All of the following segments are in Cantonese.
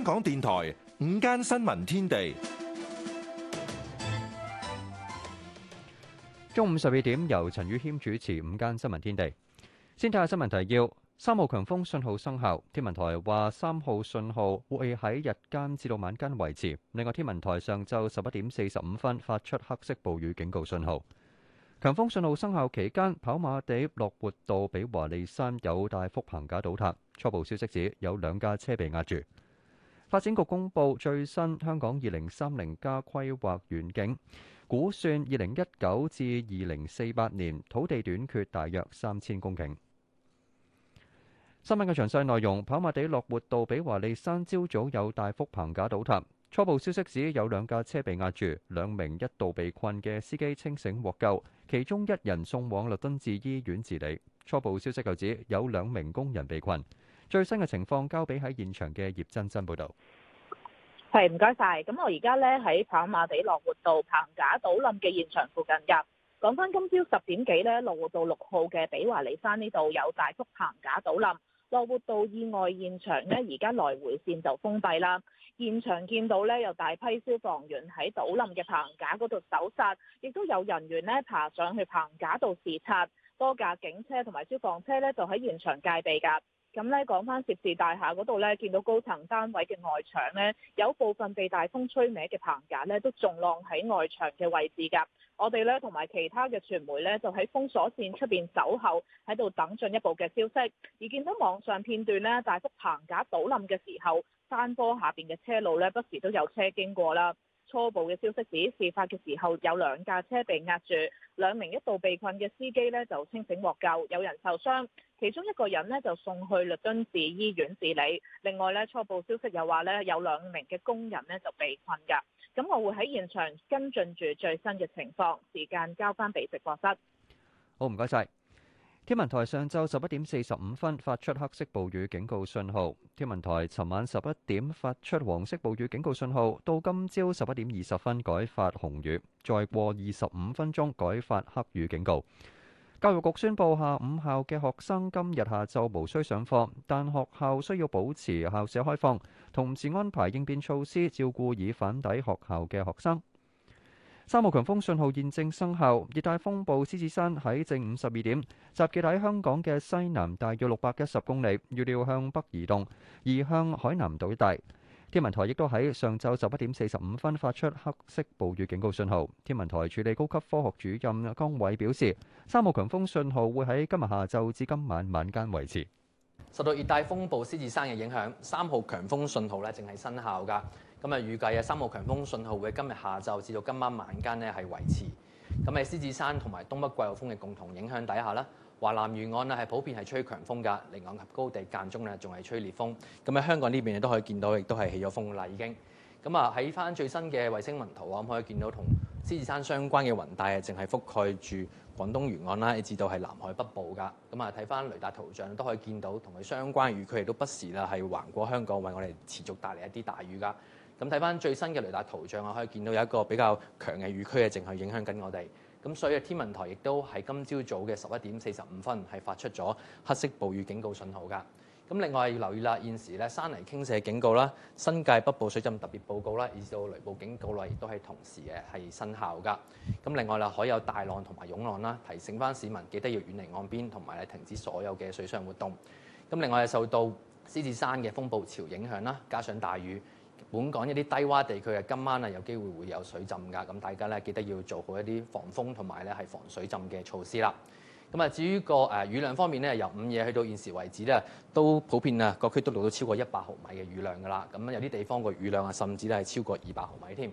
香港電台午間新聞天地，中午十二點由陳宇謙主持《午間新聞天地》。先睇下新聞提要：三號強風信號生效，天文台話三號信號會喺日間至到晚間維持。另外，天文台上晝十一點四十五分發出黑色暴雨警告信號。強風信號生效期間，跑馬地落活道比華利山有大幅棚架倒塌。初步消息指有兩架車被壓住。發展局公布最新香港二零三零加規劃遠景，估算二零一九至二零四八年土地短缺大約三千公頃。新聞嘅詳細內容：跑馬地樂活道比華利山朝早有大幅棚架倒塌，初步消息指有兩架車被壓住，兩名一度被困嘅司機清醒獲救，其中一人送往律敦治醫院治理。初步消息就指有兩名工人被困。最新嘅情況交俾喺現場嘅葉真真報道。「係，唔該晒。咁我而家呢，喺跑馬地落活道棚架倒冧嘅現場附近㗎。講翻今朝十點幾呢，落活道六號嘅比華利山呢度有大幅棚架倒冧。落活道意外現場呢，而家來回線就封閉啦。現場見到呢，有大批消防員喺倒冧嘅棚架嗰度搜查，亦都有人員呢爬上去棚架度視察。多架警車同埋消防車呢，就喺現場戒備㗎。咁咧講翻涉事大廈嗰度咧，見到高層單位嘅外牆咧，有部分被大風吹歪嘅棚架咧，都仲晾喺外牆嘅位置㗎。我哋咧同埋其他嘅傳媒咧，就喺封鎖線出邊守候，喺度等進一步嘅消息。而見到網上片段咧，大幅棚架倒冧嘅時候，山坡下邊嘅車路咧，不時都有車經過啦。初步嘅消息指，事發嘅時候有兩架車被壓住，兩名一度被困嘅司機咧就清醒獲救，有人受傷，其中一個人咧就送去律敦治醫院治理。另外咧，初步消息又話咧有兩名嘅工人咧就被困噶。咁我會喺現場跟進住最新嘅情況，時間交翻俾直播室。好，唔該晒。天文台上晝十一點四十五分發出黑色暴雨警告信號。天文台尋晚十一點發出黃色暴雨警告信號，到今朝十一點二十分改發紅雨，再過二十五分鐘改發黑雨警告。教育局宣布，下午校嘅學生今日下晝無需上課，但學校需要保持校舍開放，同時安排應變措施，照顧已返到學校嘅學生。三號強風信號現正生效，熱帶風暴獅子山喺正午十二點，集結喺香港嘅西南大約六百一十公里，預料向北移動，移向海南島一帶。天文台亦都喺上晝十一點四十五分發出黑色暴雨警告信號。天文台處理高級科學主任江偉表示，三號強風信號會喺今日下晝至今晚晚間維持。受到熱帶風暴獅子山嘅影響，三號強風信號呢，正係生效㗎。咁啊預計啊三號強風信號會今日下晝至到今晚晚間咧係維持。咁喺獅子山同埋東北季候風嘅共同影響底下咧，華南沿岸咧係普遍係吹強風㗎。離岸及高地間中咧仲係吹烈風。咁喺香港呢邊都可以見到，亦都係起咗風啦已經。咁啊喺翻最新嘅衛星雲圖啊，我可以見到同獅子山相關嘅雲帶係淨係覆蓋住廣東沿岸啦，至到係南海北部㗎。咁啊睇翻雷達圖像都可以見到，同佢相關雨區亦都不時啦係橫過香港，為我哋持續帶嚟一啲大雨㗎。咁睇翻最新嘅雷達圖像啊，我可以見到有一個比較強嘅雨區，嘅淨係影響緊我哋。咁所以天文台亦都喺今朝早嘅十一點四十五分係發出咗黑色暴雨警告信號㗎。咁另外要留意啦，現時咧山泥傾瀉警告啦、新界北部水浸特別報告啦、以至到雷暴警告內亦都係同時嘅係生效㗎。咁另外啦，海有大浪同埋湧浪啦，提醒翻市民記得要遠離岸邊同埋咧停止所有嘅水上活動。咁另外受到獅子山嘅風暴潮影響啦，加上大雨。本港一啲低窪地區啊，今晚啊有機會會有水浸㗎，咁大家咧記得要做好一啲防風同埋咧係防水浸嘅措施啦。咁啊，至於個誒雨量方面咧，由午夜去到現時為止咧，都普遍啊各區都錄到超過一百毫米嘅雨量㗎啦。咁有啲地方個雨量啊，甚至咧係超過二百毫米添。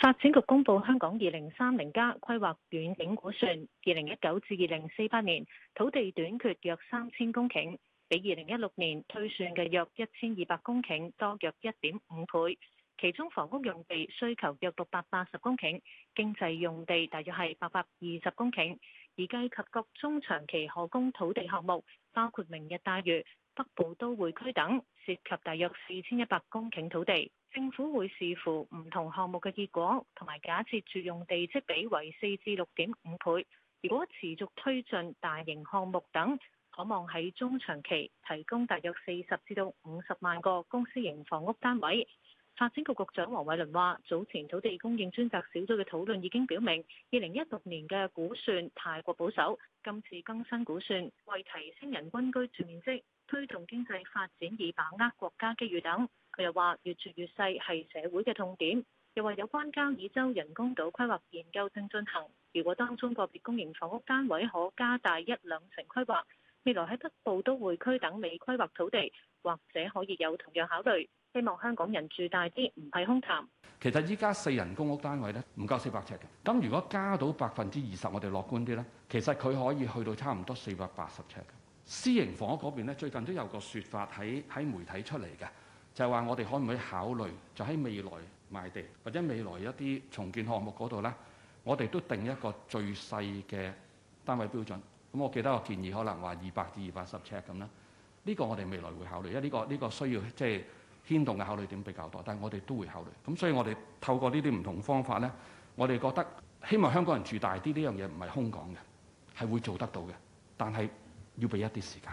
發展局公佈香港二零三零家規劃遠景估算，二零一九至二零四八年土地短缺約三千公頃，比二零一六年推算嘅約一千二百公頃多約一點五倍。其中房屋用地需求約六百八十公頃，經濟用地大約係八百二十公頃，而計及各中長期可供土地項目，包括明日大嶼、北部都會區等，涉及大約四千一百公頃土地。政府會視乎唔同項目嘅結果，同埋假設住用地積比為四至六點五倍。如果持續推進大型項目等，可望喺中長期提供大約四十至到五十萬個公私營房屋單位。發展局局長黃偉綸話：早前土地供應專責小組嘅討論已經表明，二零一六年嘅估算太過保守，今次更新估算，為提升人均居住面積，推動經濟發展以把握國家機遇等。佢又話：越住越細係社會嘅痛點。又話有關交椅洲人工島規劃研究正進行，如果當中個別公營房屋單位可加大一兩成規劃，未來喺北部都會區等未規劃土地，或者可以有同樣考慮。希望香港人住大啲，唔係空談。其實依家四人公屋單位呢，唔夠四百尺嘅。咁如果加到百分之二十，我哋樂觀啲呢，其實佢可以去到差唔多四百八十尺。私營房屋嗰邊呢，最近都有個說法喺喺媒體出嚟嘅。就係話我哋可唔可以考慮，就喺未來賣地或者未來一啲重建項目嗰度呢？我哋都定一個最細嘅單位標準。咁我記得我建議可能話二百至二百十尺咁啦。呢個我哋未來會考慮，因為呢個呢個需要即係牽動嘅考慮點比較多，但係我哋都會考慮。咁所以我哋透過呢啲唔同方法呢，我哋覺得希望香港人住大啲呢樣嘢唔係空講嘅，係會做得到嘅，但係要俾一啲時間。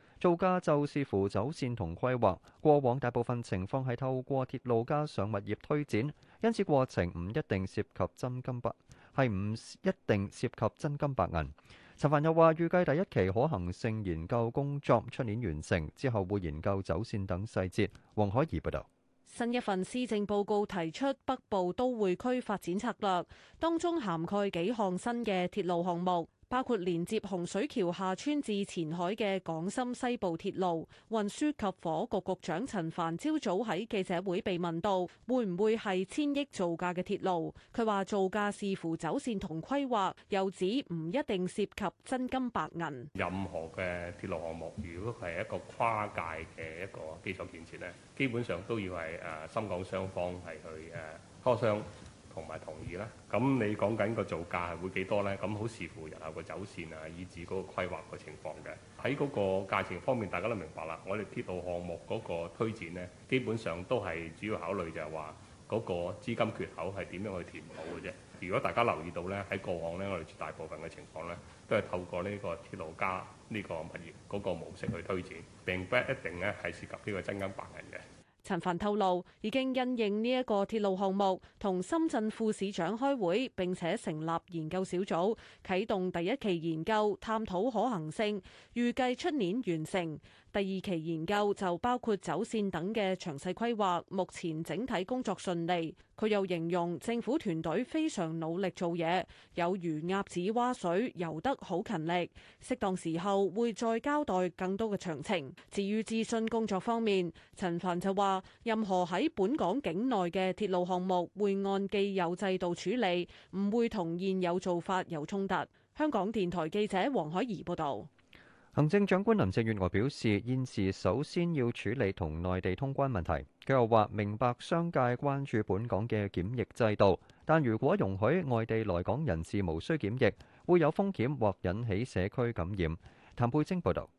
造價就視乎走線同規劃，過往大部分情況係透過鐵路加上物業推展，因此過程唔一定涉及真金白，係唔一定涉及真金白銀。陳帆又話：預計第一期可行性研究工作出年完成，之後會研究走線等細節。黃海怡報導。新一份施政報告提出北部都會區發展策略，當中涵蓋幾項新嘅鐵路項目。包括連接洪水橋廈村至前海嘅港深西部鐵路，運輸及火局局長陳帆朝早喺記者會被問到，會唔會係千億造價嘅鐵路？佢話造價視乎走線同規劃，又指唔一定涉及真金白銀。任何嘅鐵路項目，如果係一個跨界嘅一個基礎建設咧，基本上都要係誒深港雙方係去誒磋商。同埋同意啦，咁你講緊個造價係會幾多咧？咁好視乎日後個走線啊，以至嗰個規劃個情況嘅。喺嗰個價錢方面，大家都明白啦。我哋鐵路項目嗰個推展咧，基本上都係主要考慮就係話嗰個資金缺口係點樣去填補嘅啫。如果大家留意到咧，喺過往咧，我哋絕大部分嘅情況咧，都係透過呢個鐵路加呢個物業嗰個模式去推展，並不一定咧係涉及呢個真金白銀嘅。陳帆透露，已經因應呢一個鐵路項目，同深圳副市長開會，並且成立研究小組，啟動第一期研究，探討可行性，預計出年完成。第二期研究就包括走線等嘅詳細規劃，目前整體工作順利。佢又形容政府團隊非常努力做嘢，有如鴨子划水，游得好勤力。適當時候會再交代更多嘅詳情。至於諮詢工作方面，陳凡就話任何喺本港境內嘅鐵路項目會按既有制度處理，唔會同現有做法有衝突。香港電台記者黃海怡報道。行政長官林鄭月娥表示，現時首先要處理同內地通關問題。佢又話：明白商界關注本港嘅檢疫制度，但如果容許外地來港人士無需檢疫，會有風險或引起社區感染。譚佩晶報導。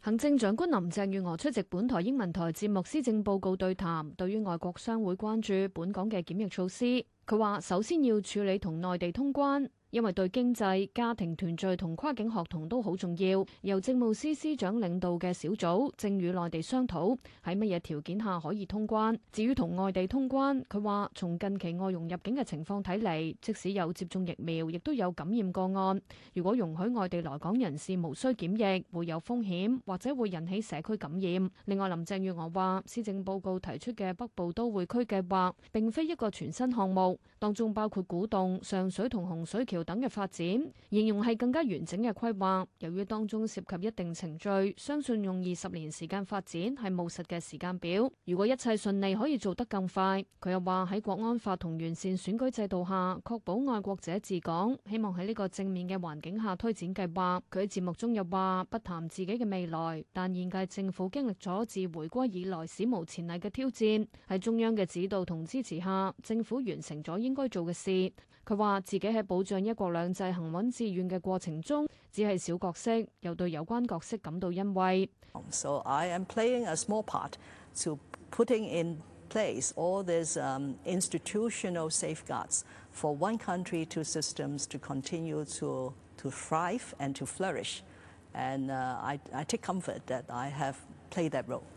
行政長官林鄭月娥出席本台英文台節目《施政報告對談》，對於外國商會關注本港嘅檢疫措施，佢話：首先要處理同內地通關。因為對經濟、家庭團聚同跨境學童都好重要，由政務司司長領導嘅小組正與內地商討喺乜嘢條件下可以通關。至於同外地通關，佢話從近期外傭入境嘅情況睇嚟，即使有接種疫苗，亦都有感染個案。如果容許外地來港人士無需檢疫，會有風險或者會引起社區感染。另外，林鄭月娥話，施政報告提出嘅北部都會區計劃並非一個全新項目，當中包括古洞、上水同洪水橋。等嘅發展，形容係更加完整嘅規劃。由於當中涉及一定程序，相信用二十年時間發展係務實嘅時間表。如果一切順利，可以做得更快。佢又話喺國安法同完善選舉制度下，確保愛國者治港。希望喺呢個正面嘅環境下推展計劃。佢喺節目中又話不談自己嘅未來，但現屆政府經歷咗自回歸以來史無前例嘅挑戰。喺中央嘅指導同支持下，政府完成咗應該做嘅事。佢話自己喺保障一國兩制行穩致遠嘅過程中只係小角色，又對有關角色感到欣慰。佢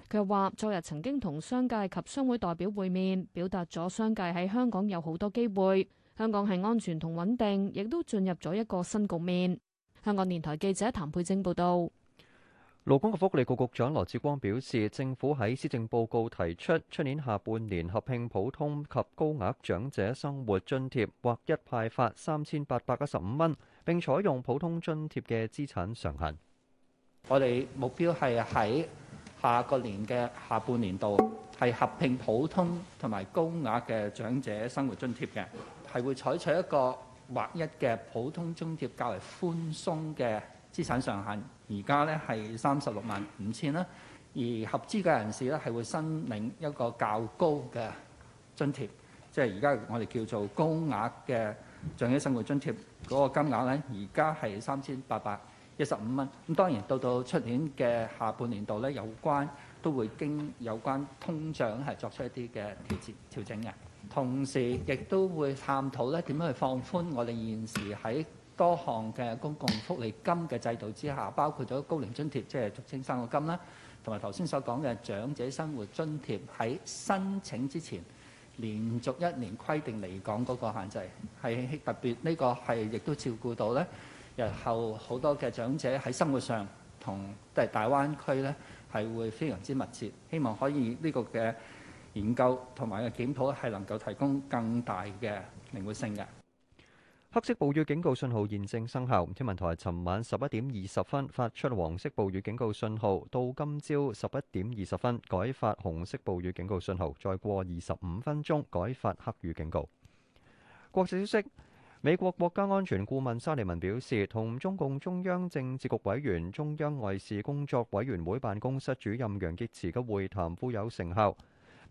又話昨日曾經同商界及商會代表會面，表達咗商界喺香港有好多機會香港係安全同穩定，亦都進入咗一個新局面。香港電台記者譚佩晶報導。勞工及福利局局,局長羅致光表示，政府喺施政報告提出，出年下半年合併普通及高額長者生活津貼，劃一派發三千八百一十五蚊，並採用普通津貼嘅資產上限。我哋目標係喺下個年嘅下半年度係合併普通同埋高額嘅長者生活津貼嘅。係會採取一個劃一嘅普通津貼較為寬鬆嘅資產上限，而家咧係三十六萬五千啦。而合資格人士咧係會申領一個較高嘅津貼，即係而家我哋叫做高額嘅長者生活津貼嗰、那個金額咧，而家係三千八百一十五蚊。咁當然到到出年嘅下半年度咧，有關都會經有關通脹係作出一啲嘅調節調整嘅。同時，亦都會探討咧點樣去放寬我哋現時喺多項嘅公共福利金嘅制度之下，包括咗高齡津貼，即係俗稱生果金啦，同埋頭先所講嘅長者生活津貼喺申請之前連續一年規定嚟講嗰個限制，係特別呢個係亦都照顧到咧日後好多嘅長者喺生活上同即係大灣區咧係會非常之密切，希望可以呢個嘅。研究同埋嘅檢討係能夠提供更大嘅靈活性嘅。黑色暴雨警告信號現正生效。天文台係尋晚十一點二十分發出黃色暴雨警告信號，到今朝十一點二十分改發紅色暴雨警告信號，再過二十五分鐘改發黑雨警告。國際消息，美國國家安全顧問沙利文表示，同中共中央政治局委員、中央外事工作委員會辦公室主任楊潔篪嘅會談富有成效。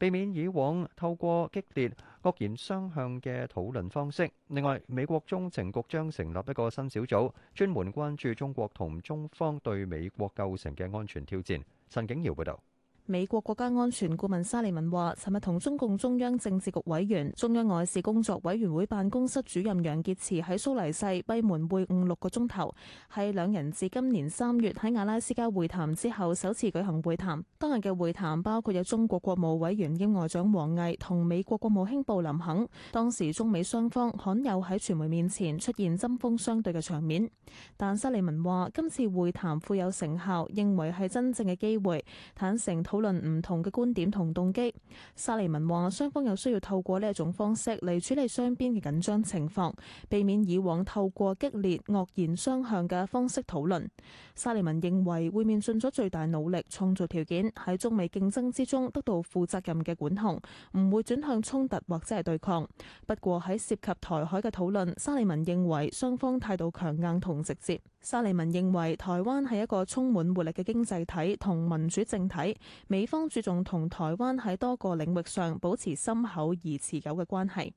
避免以往透過激烈惡言相向嘅討論方式。另外，美國中情局將成立一個新小組，專門關注中國同中方對美國構成嘅安全挑戰。陳景瑤報導。美國國家安全顧問沙利文話，尋日同中共中央政治局委員、中央外事工作委員會辦公室主任楊潔篪喺蘇黎世閉門會晤六個鐘頭，係兩人自今年三月喺阿拉斯加會談之後首次舉行會談。當日嘅會談包括有中國國務委員兼外長王毅同美國國務卿布林肯。當時中美雙方罕有喺傳媒面前出現針鋒相對嘅場面，但沙利文話今次會談富有成效，認為係真正嘅機會，坦誠同，討論唔同嘅觀點同動機。沙利文話，雙方有需要透過呢一種方式嚟處理雙邊嘅緊張情況，避免以往透過激烈惡言相向嘅方式討論。沙利文認為會面盡咗最大努力，創造條件喺中美競爭之中得到負責任嘅管控，唔會轉向衝突或者係對抗。不過喺涉及台海嘅討論，沙利文認為雙方態度強硬同直接。沙利文認為，台灣係一個充滿活力嘅經濟體同民主政體，美方注重同台灣喺多個領域上保持深厚而持久嘅關係。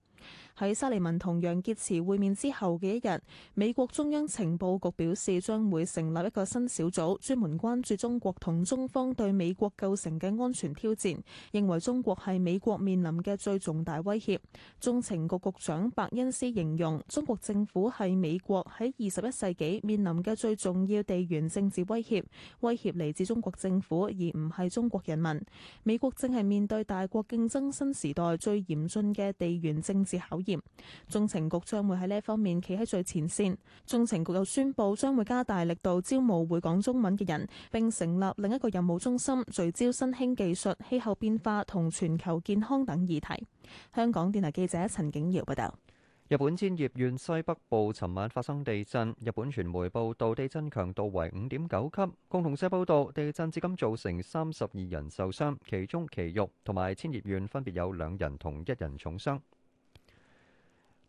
喺沙利文同楊潔篪會面之後嘅一日，美國中央情報局表示將會成立一個新小組，專門關注中國同中方對美國構成嘅安全挑戰，認為中國係美國面臨嘅最重大威脅。中情局局長白恩斯形容，中國政府係美國喺二十一世紀面臨嘅最重要地緣政治威脅，威脅嚟自中國政府而唔係中國人民。美國正係面對大國競爭新時代最嚴峻嘅地緣政治是考驗，中情局將會喺呢一方面企喺最前線。中情局又宣布將會加大力度招募會講中文嘅人，並成立另一個任務中心，聚焦新興技術、氣候變化同全球健康等議題。香港電台記者陳景瑤報道。日本千葉縣西北部尋晚發生地震，日本傳媒報道地震強度為五點九級。共同社報道，地震至今造成三十二人受傷，其中埼玉同埋千葉縣分別有兩人同一人重傷。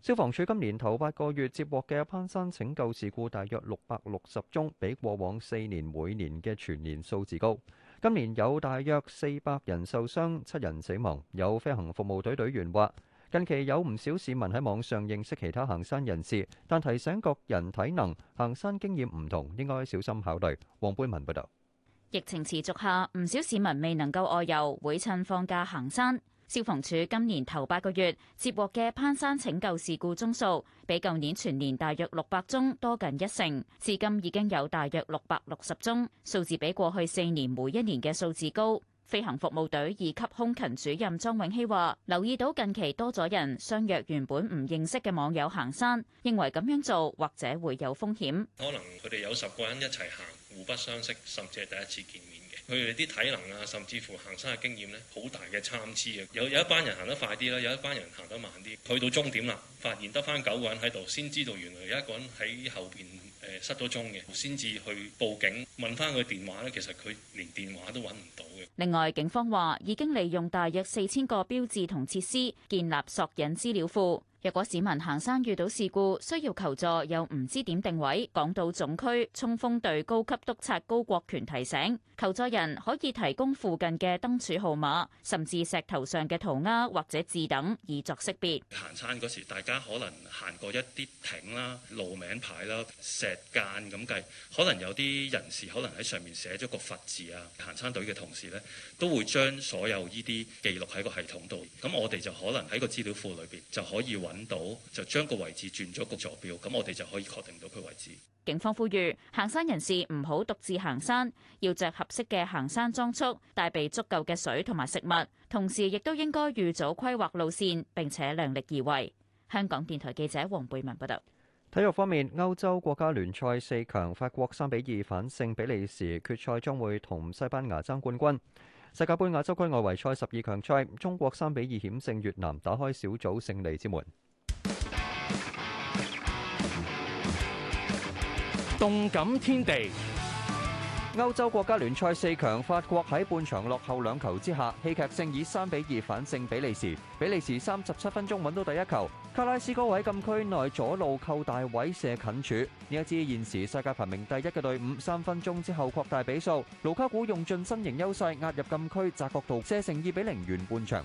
消防處今年頭八個月接獲嘅攀山拯救事故大約六百六十宗，比過往四年每年嘅全年數字高。今年有大約四百人受傷，七人死亡。有飛行服務隊隊員話：近期有唔少市民喺網上認識其他行山人士，但提醒各人體能、行山經驗唔同，應該小心考慮。黃貝文報導。疫情持續下，唔少市民未能夠外遊，會趁放假行山。消防署今年頭八個月接獲嘅攀山拯救事故宗數，比舊年全年大約六百宗多近一成，至今已經有大約六百六十宗，數字比過去四年每一年嘅數字高。飛行服務隊二級空勤主任莊永希話，留意到近期多咗人相約原本唔認識嘅網友行山，認為咁樣做或者會有風險。可能佢哋有十個人一齊行，互不相識，甚至係第一次見面。佢哋啲體能啊，甚至乎行山嘅經驗咧，好大嘅參差啊。有有一班人行得快啲啦，有一班人行得慢啲。去到終點啦，發現得翻九個人喺度，先知道原來有一個人喺後邊誒失咗蹤嘅，先至去報警問翻佢電話咧。其實佢連電話都揾唔到嘅。另外，警方話已經利用大約四千個標誌同設施建立索引資料庫。若果市民行山遇到事故，需要求助又唔知點定位，港島總區衝鋒隊高級督察高國權提醒求助人可以提供附近嘅燈柱號碼，甚至石頭上嘅塗鴉或者字等，以作識別。行山嗰時，大家可能行過一啲亭啦、路名牌啦、石澗咁計，可能有啲人士可能喺上面寫咗個佛字啊。行山隊嘅同事咧，都會將所有呢啲記錄喺個系統度，咁我哋就可能喺個資料庫裏邊就可以話。揾到就將個位置轉咗個坐標，咁我哋就可以確定到佢位置。警方呼籲行山人士唔好獨自行山，要着合適嘅行山裝束，帶備足夠嘅水同埋食物，同時亦都應該預早規劃路線並且量力而為。香港電台記者黃貝文報道。體育方面，歐洲國家聯賽四強，法國三比二反勝比利時，決賽將會同西班牙爭冠軍。世界盃亞洲區外圍賽十二強賽，中國三比二險勝越南，打開小組勝利之門。動感天地。歐洲國家聯賽四強，法國喺半場落後兩球之下，戲劇性以三比二反勝比利時。比利時三十七分鐘揾到第一球，卡拉斯高喺禁區內左路扣大位射近柱。呢一支現時世界排名第一嘅隊伍，三分鐘之後擴大比數。盧卡古用盡身形優勢壓入禁區窄角度射成二比零，完半場。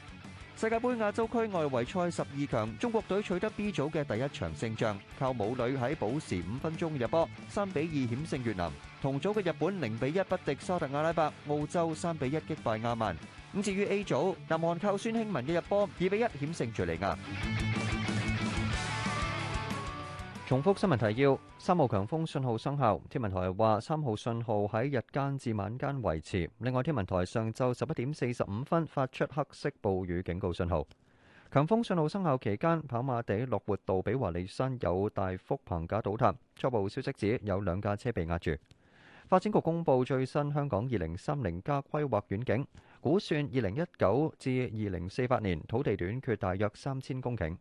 世界杯亞洲區外圍賽十二強，中國隊取得 B 組嘅第一場勝仗，靠武磊喺補時五分鐘入波，三比二險勝越南。同組嘅日本零比一不敵沙特阿拉伯，澳洲三比一擊敗亞曼。咁至於 A 組，南韓靠孫興慜嘅入波，二比一險勝敘利亞。重複新聞提要：三號強風信號生效，天文台又話三號信號喺日間至晚間維持。另外，天文台上晝十一點四十五分發出黑色暴雨警告信號。強風信號生效期間，跑馬地樂活道比華利山有大幅棚架倒塌。初步消息指有兩架車被壓住。發展局公布最新香港二零三零加規劃遠景，估算二零一九至二零四八年土地短缺大約三千公頃。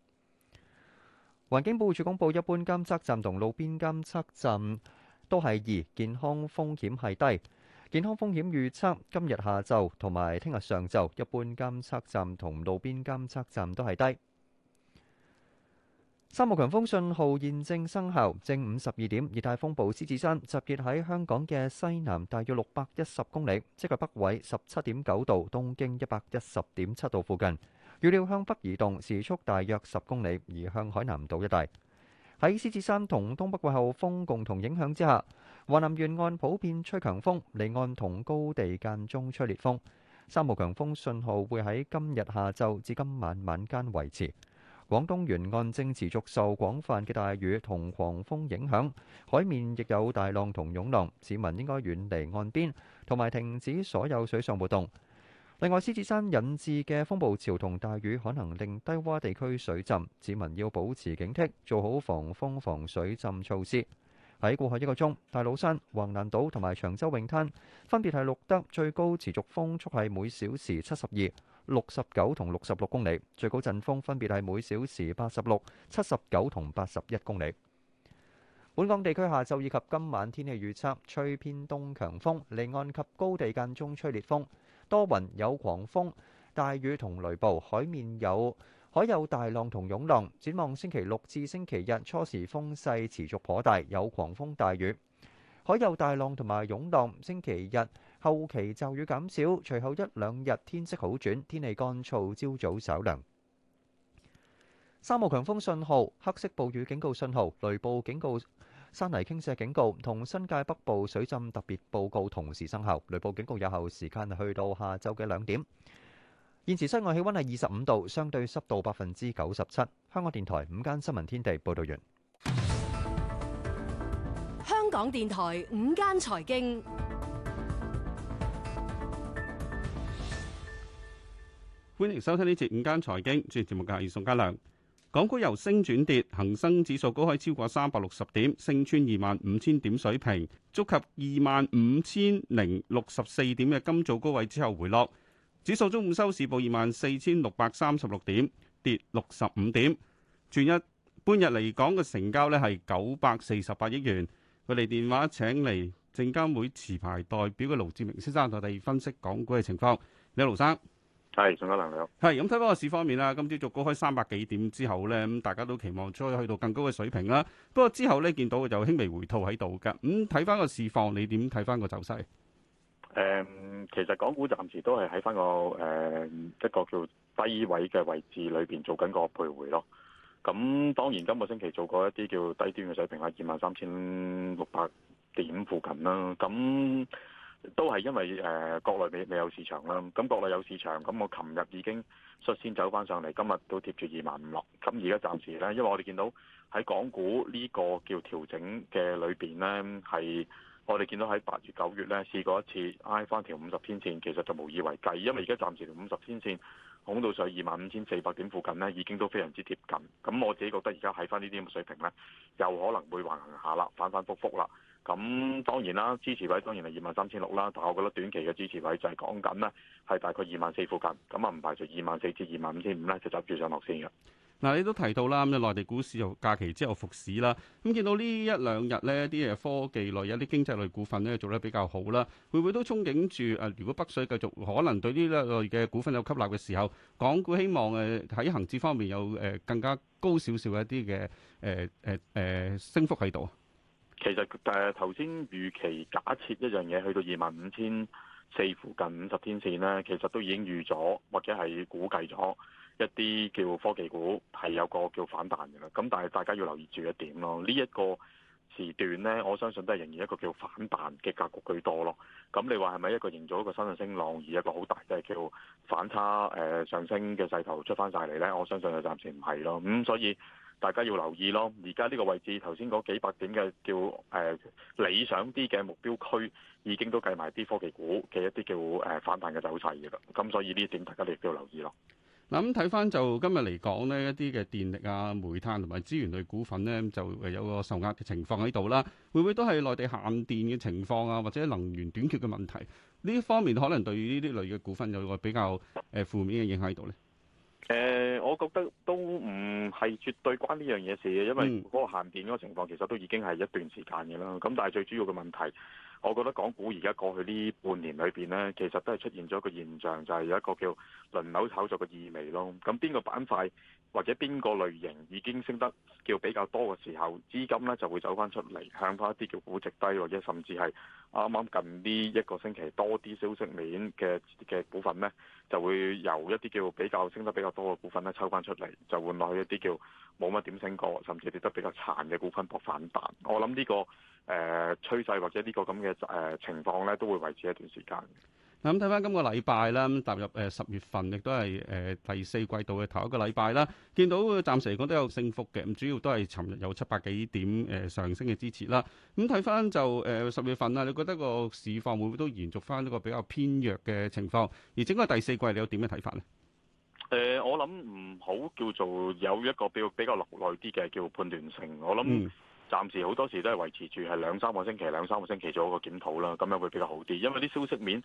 環境保護署公布，一般監測站同路邊監測站都係二，健康風險係低。健康風險預測今日下晝同埋聽日上晝，一般監測站同路邊監測站都係低。三號強風信號現正生效。正午十二點，熱帶風暴獅子山集結喺香港嘅西南，大約六百一十公里，即係北緯十七點九度，東經一百一十點七度附近。預料向北移動，時速大約十公里，移向海南島一帶。喺獅子山同東北季候風共同影響之下，華南沿岸普遍吹強風，離岸同高地間中吹烈風。三號強風信號會喺今日下晝至今晚晚間維持。廣東沿岸正持續受廣泛嘅大雨同狂風影響，海面亦有大浪同湧浪，市民應該遠離岸邊，同埋停止所有水上活動。另外，獅子山引致嘅風暴潮同大雨，可能令低窪地區水浸，市民要保持警惕，做好防風防水浸措施。喺過去一個鐘，大老山、橫瀾島同埋長洲泳灘分別係錄得最高持續風速係每小時七十二、六十九同六十六公里，最高陣風分別係每小時八十六、七十九同八十一公里。本港地區下晝以及今晚天氣預測，吹偏東強風，離岸及高地間中吹烈風。多雲有狂風大雨同雷暴，海面有海有大浪同湧浪。展望星期六至星期日初時風勢持續頗大，有狂風大雨，海有大浪同埋湧浪。星期日後期驟雨減少，隨後一兩日天色好轉，天氣乾燥，朝早稍涼。三號強風信號，黑色暴雨警告信號，雷暴警告。山泥傾瀉警告同新界北部水浸特別報告同時生效，雷暴警告有效時間去到下晝嘅兩點。現時室外氣溫係二十五度，相對濕度百分之九十七。香港電台午間新聞天地報導完。香港電台午間財經，歡迎收聽呢節午間財經，主持節目嘅係宋嘉良。港股由升轉跌，恒生指數高開超過三百六十點，升穿二萬五千點水平，觸及二萬五千零六十四點嘅今早高位之後回落。指數中午收市報二萬四千六百三十六點，跌六十五點。全日半日嚟講嘅成交呢係九百四十八億元。我哋電話請嚟證監會持牌代表嘅盧志明先生，代哋分析港股嘅情況。你好，盧生。係，宋嘉良，你好。係咁睇翻個市方面啦，今朝早高開三百幾點之後咧，咁大家都期望再去到更高嘅水平啦。不過之後咧見到就輕微回吐喺度噶。咁睇翻個市況，你點睇翻個走勢？誒、嗯，其實港股暫時都係喺翻個誒一個叫低位嘅位置裏邊做緊個徘徊咯。咁當然今個星期做過一啲叫低端嘅水平啦，二萬三千六百點附近啦。咁都係因為誒國內未未有市場啦，咁國內有市場，咁我琴日已經率先走翻上嚟，今日都貼住二萬五六。咁而家暫時呢，因為我哋見到喺港股呢個叫調整嘅裏面呢，係我哋見到喺八月九月呢試過一次挨翻條五十天線，其實就無以為繼。因為而家暫時條五十天線恐到上二萬五千四百點附近呢，已經都非常之貼近。咁我自己覺得而家喺翻呢啲咁嘅水平呢，又可能會橫行下啦，反反覆覆啦。咁當然啦，支持位當然係二萬三千六啦，但係我覺得短期嘅支持位就係講緊啦，係大概二萬四附近，咁啊唔排除二萬四至二萬五千五咧就執住上落先嘅。嗱，你都提到啦，咁嘅內地股市就假期之後復市啦，咁見到呢一兩日呢啲嘢科技類、有啲經濟類股份咧做得比較好啦，會唔會都憧憬住誒、啊？如果北水繼續可能對呢類類嘅股份有吸納嘅時候，港股希望誒喺恒指方面有誒更加高少少一啲嘅誒誒誒升幅喺度啊？其實誒頭先預期假設一樣嘢去到二萬五千四附近五十天線呢，其實都已經預咗或者係估計咗一啲叫科技股係有個叫反彈嘅啦。咁但係大家要留意住一點咯，呢、這、一個時段呢，我相信都係仍然一個叫反彈嘅格局居多咯。咁你話係咪一個營造一個新嘅升浪，而一個好大嘅叫反差、呃、上升嘅勢頭出翻晒嚟呢？我相信就暫時唔係咯。咁、嗯、所以。大家要留意咯，而家呢個位置頭先嗰幾百點嘅叫誒、呃、理想啲嘅目標區，已經都計埋啲科技股嘅一啲叫誒反彈嘅走勢嘅啦。咁所以呢一點大家你亦都要留意咯。嗱咁睇翻就今日嚟講呢，一啲嘅電力啊、煤炭同埋資源類股份呢，就有個受壓嘅情況喺度啦。會唔會都係內地限電嘅情況啊，或者能源短缺嘅問題？呢方面可能對呢啲類嘅股份有個比較誒、呃、負面嘅影響喺度呢。誒、呃。我覺得都唔係絕對關呢樣嘢事，因為嗰個限電嗰個情況其實都已經係一段時間嘅啦。咁但係最主要嘅問題，我覺得港股而家過去呢半年裏邊呢，其實都係出現咗一個現象，就係有一個叫輪流炒作嘅意味咯。咁邊個板塊，或者邊個類型已經升得叫比較多嘅時候，資金咧就會走翻出嚟，向翻一啲叫估值低或者甚至係啱啱近呢一個星期多啲消息面嘅嘅股份咧，就會由一啲叫比較升得比較多嘅股份咧抽翻出嚟，就換落去一啲叫冇乜點升過甚至跌得比較殘嘅股份搏反彈。我諗呢個誒趨勢或者呢個咁嘅誒情況咧，都會維持一段時間。咁睇翻今個禮拜啦，踏入誒十月份，亦都係誒第四季度嘅頭一個禮拜啦。見到暫時嚟講都有升幅嘅，咁主要都係尋日有七百幾點誒上升嘅支持啦。咁睇翻就誒十月份啊，你覺得個市況會唔會都延續翻呢個比較偏弱嘅情況？而整個第四季你有點嘅睇法呢？誒、呃，我諗唔好叫做有一個比較比較落耐啲嘅叫判斷性。我諗暫時好多時都係維持住係兩三個星期、兩三個星期做一個檢討啦，咁樣會比較好啲，因為啲消息面。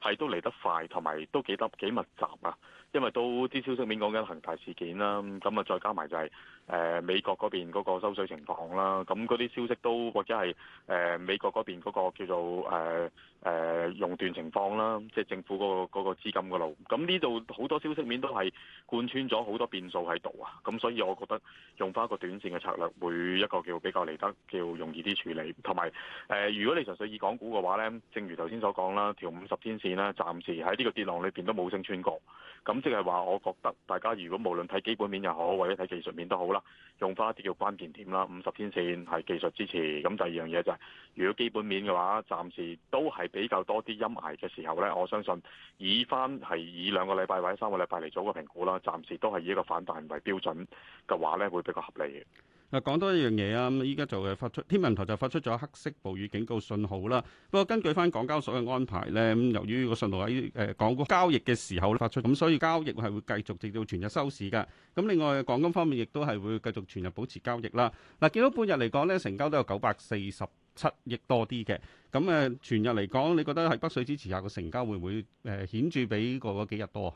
係都嚟得快，同埋都幾得幾密集啊！因為都啲消息面講緊恒大事件啦、啊，咁啊再加埋就係、是、誒、呃、美國嗰邊嗰個收水情況啦、啊，咁嗰啲消息都或者係誒、呃、美國嗰邊嗰個叫做誒誒熔斷情況啦、啊，即、就、係、是、政府個嗰、那個資金嘅路。咁呢度好多消息面都係貫穿咗好多變數喺度啊！咁所以我覺得用返一個短線嘅策略會一個叫比較嚟得叫容易啲處理，同埋誒如果你純粹以港股嘅話咧，正如頭先所講啦，調五十天線啦，暫時喺呢個跌浪裏邊都冇升穿過，咁即係話，我覺得大家如果無論睇基本面又好，或者睇技術面都好啦，用翻一啲叫關鍵點啦，五十天線係技術支持，咁第二樣嘢就係，如果基本面嘅話，暫時都係比較多啲陰霾嘅時候呢，我相信以翻係以兩個禮拜或者三個禮拜嚟做一個評估啦，暫時都係以一個反彈為標準嘅話呢，會比較合理嘅。誒講多一樣嘢啊！咁依家就誒發出天文台就發出咗黑色暴雨警告信號啦。不過根據翻港交所嘅安排咧，咁由於個信號喺港股交易嘅時候咧發出，咁所以交易係會繼續直到全日收市㗎。咁另外，港金方面亦都係會繼續全日保持交易啦。嗱，見到半日嚟講咧，成交都有九百四十七億多啲嘅。咁誒全日嚟講，你覺得喺北水支持下個成交會唔會誒顯著比過幾日多？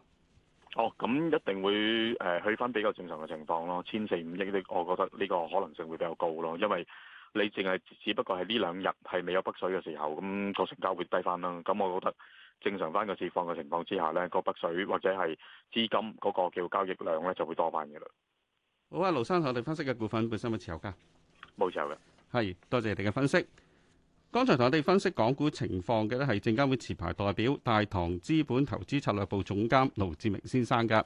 哦，咁一定會、呃、去翻比較正常嘅情況咯，千四五億，呢我覺得呢個可能性會比較高咯，因為你淨係只不過係呢兩日係未有北水嘅時候，咁個成交會低翻啦。咁我覺得正常翻個市況嘅情況之下咧，個北水或者係資金嗰個叫交易量咧就會多翻嘅啦。好啊，盧生，我哋分析嘅部分本身有持有㗎？冇持有。係，多謝你哋嘅分析。剛才同我哋分析港股情況嘅呢，係證監會持牌代表、大堂資本投資策略部總監盧志明先生嘅。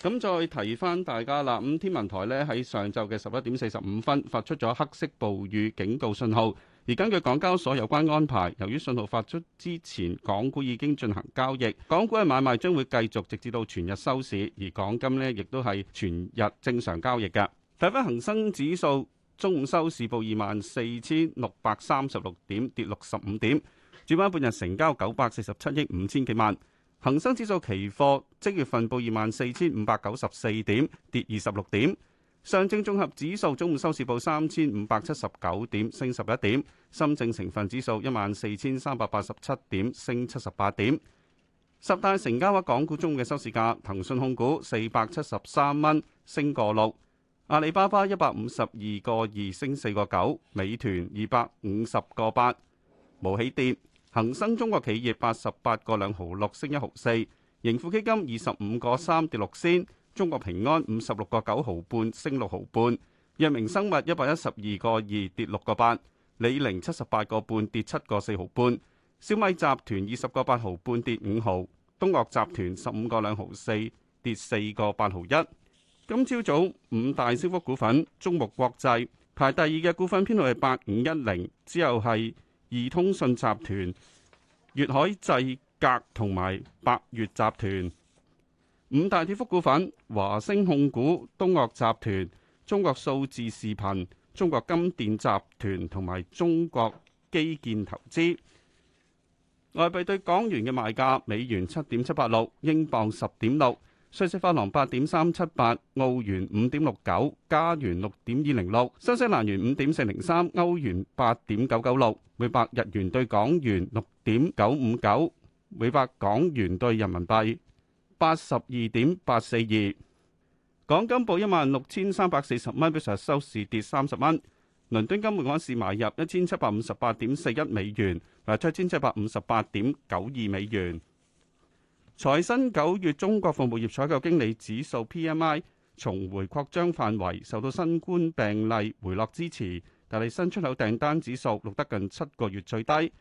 咁再提翻大家啦，咁天文台呢，喺上晝嘅十一點四十五分發出咗黑色暴雨警告信號，而根據港交所有關安排，由於信號發出之前，港股已經進行交易，港股嘅買賣將會繼續直至到全日收市，而港金呢，亦都係全日正常交易嘅。睇翻恒生指數。中午收市報二萬四千六百三十六點，跌六十五點。主板半日成交九百四十七億五千幾萬。恒生指數期貨即月份報二萬四千五百九十四點，跌二十六點。上證綜合指數中午收市報三千五百七十九點，升十一點。深證成分指數一萬四千三百八十七點，升七十八點。十大成交額港股中嘅收市價，騰訊控股四百七十三蚊，升個六。阿里巴巴一百五十二個二升四個九，美團二百五十個八冇起跌，恒生中國企業八十八個兩毫六升一毫四，盈富基金二十五個三跌六仙，中國平安五十六個九毫半升六毫半，藥明生物一百一十二個二跌六個八，李寧七十八個半跌七個四毫半，小米集團二十個八毫半跌五毫，東岳集團十五個兩毫四跌四個八毫一。今朝早五大升幅股份，中牧國際排第二嘅股份編號係八五一零，之後係易通信集團、粵海製革同埋百越集團。五大跌幅股份，華星控股、東嶽集團、中國數字視頻、中國金電集團同埋中國基建投資。外幣對港元嘅賣價，美元七點七八六，英鎊十點六。瑞士法郎八點三七八，澳元五點六九，加元六點二零六，新西蘭元五點四零三，歐元八點九九六，每百日元對港元六點九五九，每百港元對人民幣八十二點八四二。港金報一萬六千三百四十蚊，比上日收市跌三十蚊。倫敦金每盎司買入一千七百五十八點四一美元，嗱，一千七百五十八點九二美元。財新九月中國服務業採購經理指數 PMI 重回擴張範圍，受到新冠病例回落支持，但係新出口訂單指數錄得近七個月最低。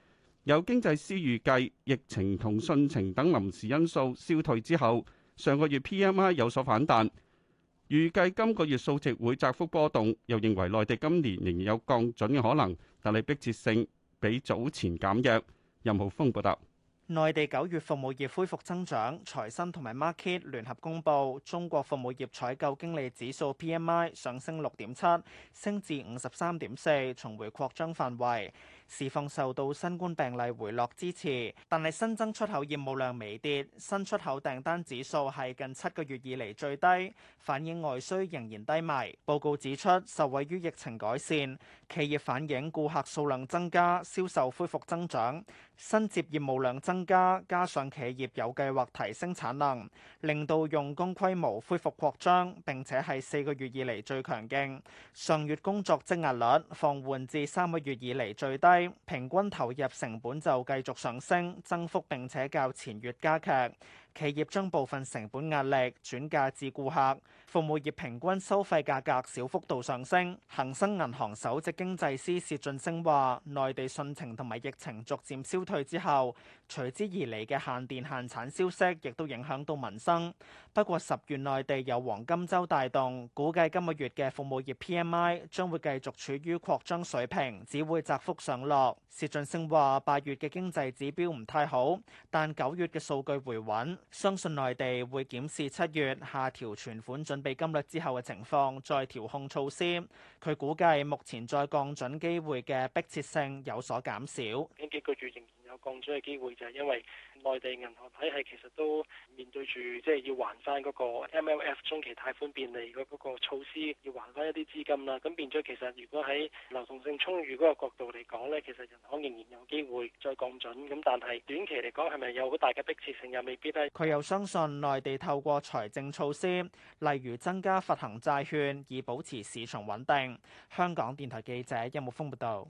有經濟師預計，疫情同汛情等臨時因素消退之後，上個月 PMI 有所反彈。預計今個月數值會窄幅波動，又認為內地今年仍然有降準嘅可能，但係迫切性比早前減弱。任浩峰報道。內地九月服務業恢復增長，財新同埋 Markit 聯合公佈中國服務業採購經理指數 PMI 上升六點七，升至五十三點四，重回擴張範圍。市況受到新冠病例回落支持，但係新增出口業務量微跌，新出口訂單指數係近七個月以嚟最低，反映外需仍然低迷。報告指出，受惠於疫情改善，企業反映顧客數量增加，銷售恢復增長，新接業務量增加，加上企業有計劃提升產能，令到用工規模恢復擴張，並且係四個月以嚟最強勁。上月工作積壓率放緩至三個月以嚟最低。平均投入成本就繼續上升，增幅並且較前月加劇。企業將部分成本壓力轉嫁至顧客，服務業平均收費價格小幅度上升。恒生銀行首席經濟師薛俊升話：內地汛情同埋疫情逐漸消退之後，隨之而嚟嘅限電限產消息亦都影響到民生。不過，十月內地有黃金周帶動，估計今個月嘅服務業 P M I 將會繼續處於擴張水平，只會窄幅上落。薛俊升話：八月嘅經濟指標唔太好，但九月嘅數據回穩。相信內地會檢視七月下調存款準備金率之後嘅情況，再調控措施。佢估計目前再降準機會嘅迫切性有所減少。嗯。嗯嗯嗯降準嘅機會就係因為內地銀行體系其實都面對住即係要還翻嗰個 MLF 中期貸款便利嗰嗰個措施，要還翻一啲資金啦。咁變咗其實如果喺流動性充裕嗰個角度嚟講咧，其實銀行仍然有機會再降準，咁但係短期嚟講，係咪有好大嘅迫切性又未必咧。佢又相信內地透過財政措施，例如增加發行債券，以保持市場穩定。香港電台記者任木峯報道。